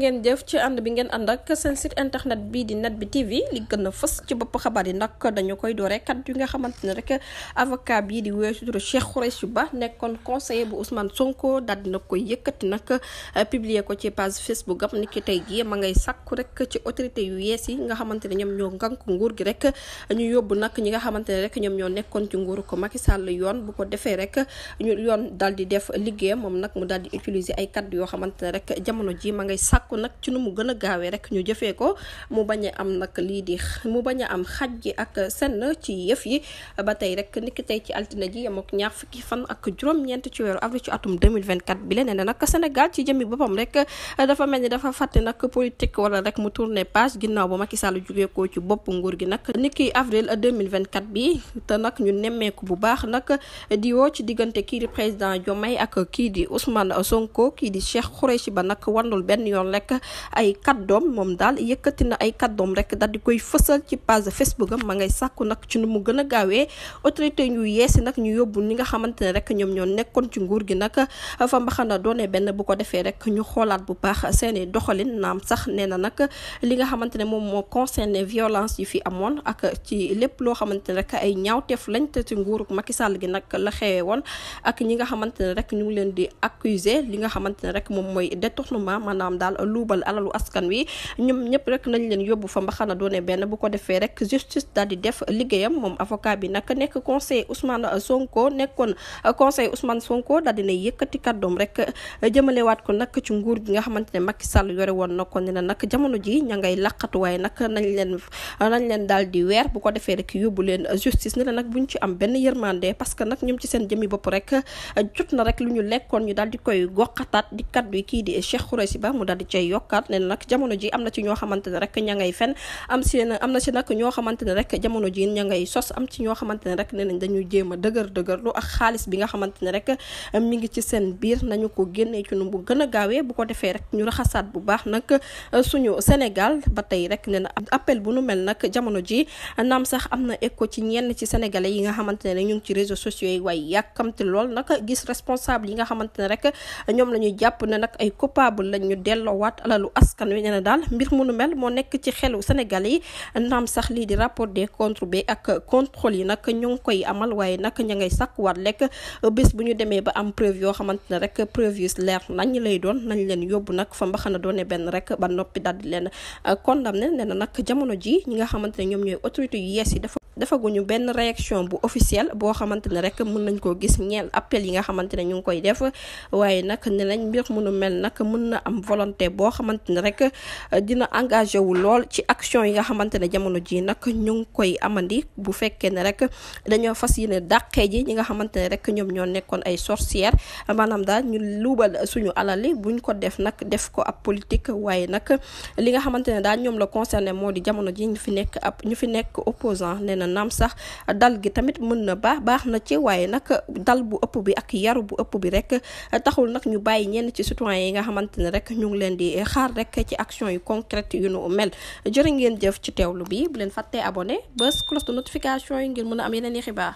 ngeen jëf ci ànd bi ngeen ànd ak seen site internet bii di net bi TV li gën a fës ci bopp xabaar yi nag dañu koy doore kat yu nga xamante ne rek avocat bii di wéy sutura Cheikh bu Ousmane euh, ni ki tey jii ma ngay sàkku rek ci autorité yu yees yi nga xamante ne ñoom ñoo ngànk nguur gi rek ñu yóbbu nag ñi nga xamante ne rek ñoom ñoo nekkoon ci nguuru ko Macky yoon bu ko defee rek ñu yoon daal di def liggéeyam moom nag mu daal di utiliser ay kaddu yoo xamante rek jamono ji ma ngay sàkk sàkku nag ci nu mu gën a gaawee rek ñu jëfee ko mu bañ a am nag lii di mu bañ a am xaj gi ak senn ci yëf yi ba tey rek niki tey ci altine ji yem ak ñaar fukki fan ak juróom-ñeent ci weeru avril ci atum 2024 bi leneen nag Sénégal ci jëmmi boppam rek dafa mel ni dafa fàtte nag politique wala rek mu tourné page ginnaaw ba Macky Sall jugee ci bopp nguur gi nag niki avril 2024 bi te nag ñu nemmeeku bu baax nag di woo ci diggante kii di président Diomaye ak kii di Ousmane Sonko kii di Cheikh Khoureyssi Ba nag wandul benn yoon rek rek ay kaddoom moom daal yëkkati na ay kaddoom rek daal di koy fësal ci page Facebook am ma ngay sàkku nag ci nu mu gën a gaawee autorité ñu yeesi nag ñu yóbbu ñi nga xamante ne rek ñoom ñoo nekkoon ci nguur gi nag fa mbaxana doone benn bu ko defee rek ñu xoolaat bu baax seeni doxalin naam sax nee na nag li nga xamante ne moom moo concerné violence yi fi amoon ak ci lépp loo xamante ne rek ay ñaawteef lañ te ci nguuru Macky Sall gi nag la xewe woon ak ñi nga xamante ne rek ñu ngi leen di accuser li nga xamante ne rek moom mooy détournement maanaam daal luubal alalu askan wi ñoom ñëpp rek nañ leen yóbbu fa mbaxana doone benn bu ko defee rek justice daal di def liggéeyam moom avocat bi nag nekk conseil Ousmane Sonko nekkoon conseil Ousmane Sonko daal di na yëkkati kàddoom rek jëmalewaat ko nag ci nguur gi nga xamante ne Macky Sall woon na ko ne na nag jamono ji ña ngay laqatu waaye nag nañ leen nañ di weer bu ko defee rek yóbbu leen justice ne la nag buñ ci am benn yërmande parce que nag ñoom ci seen jëmi bopp rek jot na rek lu ñu lekkoon ñu daal di koy goxataat di kaddu yi kii di Cheikh Khoureychi Ba mu daal di cay yokkaat ne nag jamono ji am na ci ñoo xamante ne rek ña ngay fen am am na si nag ñoo xamante ne rek jamono ji ña ngay sos am ci ñoo xamante ne rek ne nañ dañuy jéem a dëgër dëgër lu ak xaalis bi nga xamante ne rek mi ngi ci seen biir nañu ko génnee ci nu bu gën a gaawee bu ko defee rek ñu raxasaat bu baax nag suñu Sénégal ba tey rek ne na appel bu nu mel nag jamono ji naam sax am na écho ci ñenn ci sénégalais yi nga xamante ne ñu ngi ci réseaux sociaux yi waaye yàkkamte lool nag gis responsable yi nga xamante ne rek ñoom la ñuy jàpp ne nag ay coupable lañ ñu delloo delloowaat alalu askan wi nee na daal mbir mu nu mel moo nekk ci xelu Sénégal yi naam sax lii di rapport de comptes bi ak contrôle yi nag ñu koy amal waaye nag ña ngay sàkkuwaat lekk bés bu ñu demee ba am preuve yoo xamante ne rek preuve yu leer nañ lay doon nañ leen yóbbu nag fa mbaxana doone benn rek ba noppi daldi leen condamné nee na nag jamono ji ñi nga xamante ne ñoom ñooy autorité yu yees yi dafa defaguñu benn réaction bu officielle boo xamante ne rek mun nañ koo gis ñeel appel yi nga xamante ne ñu ngi koy def waaye nag ne nañ mbir mënu mel nag mën na am volonté boo xamante ne rek euh, dina engagé wu lool ci action yi nga xamante ne jamono ji nag ñu ngi koy amandi bu fekkee ne rek dañoo fas yéene dàqee ji ñi nga xamante ne rek ñoom ñoo nekkoon ay sorcières maanaam daal ñu luubal suñu alali buñ ko def nag def ko ab politique waaye nag li nga xamante ne daal ñoom la concerné moo di jamono ji ñu fi nekk ab ñu fi nekk opposant nee na naam sax dal gi tamit mën na baax baax na ci waaye nag dal bu ëpp bi ak yaru bu ëpp bi rek taxul nag ñu bàyyi ñenn ci citoyen yi nga xamante ne rek ñu ngi leen di xaar rek ci action yu concrète yu nu u mel jërë ngeen jëf ci teewlu bi bu leen fàttee abone bés cloche de notification yi ngir mën a am yeneen i xibaar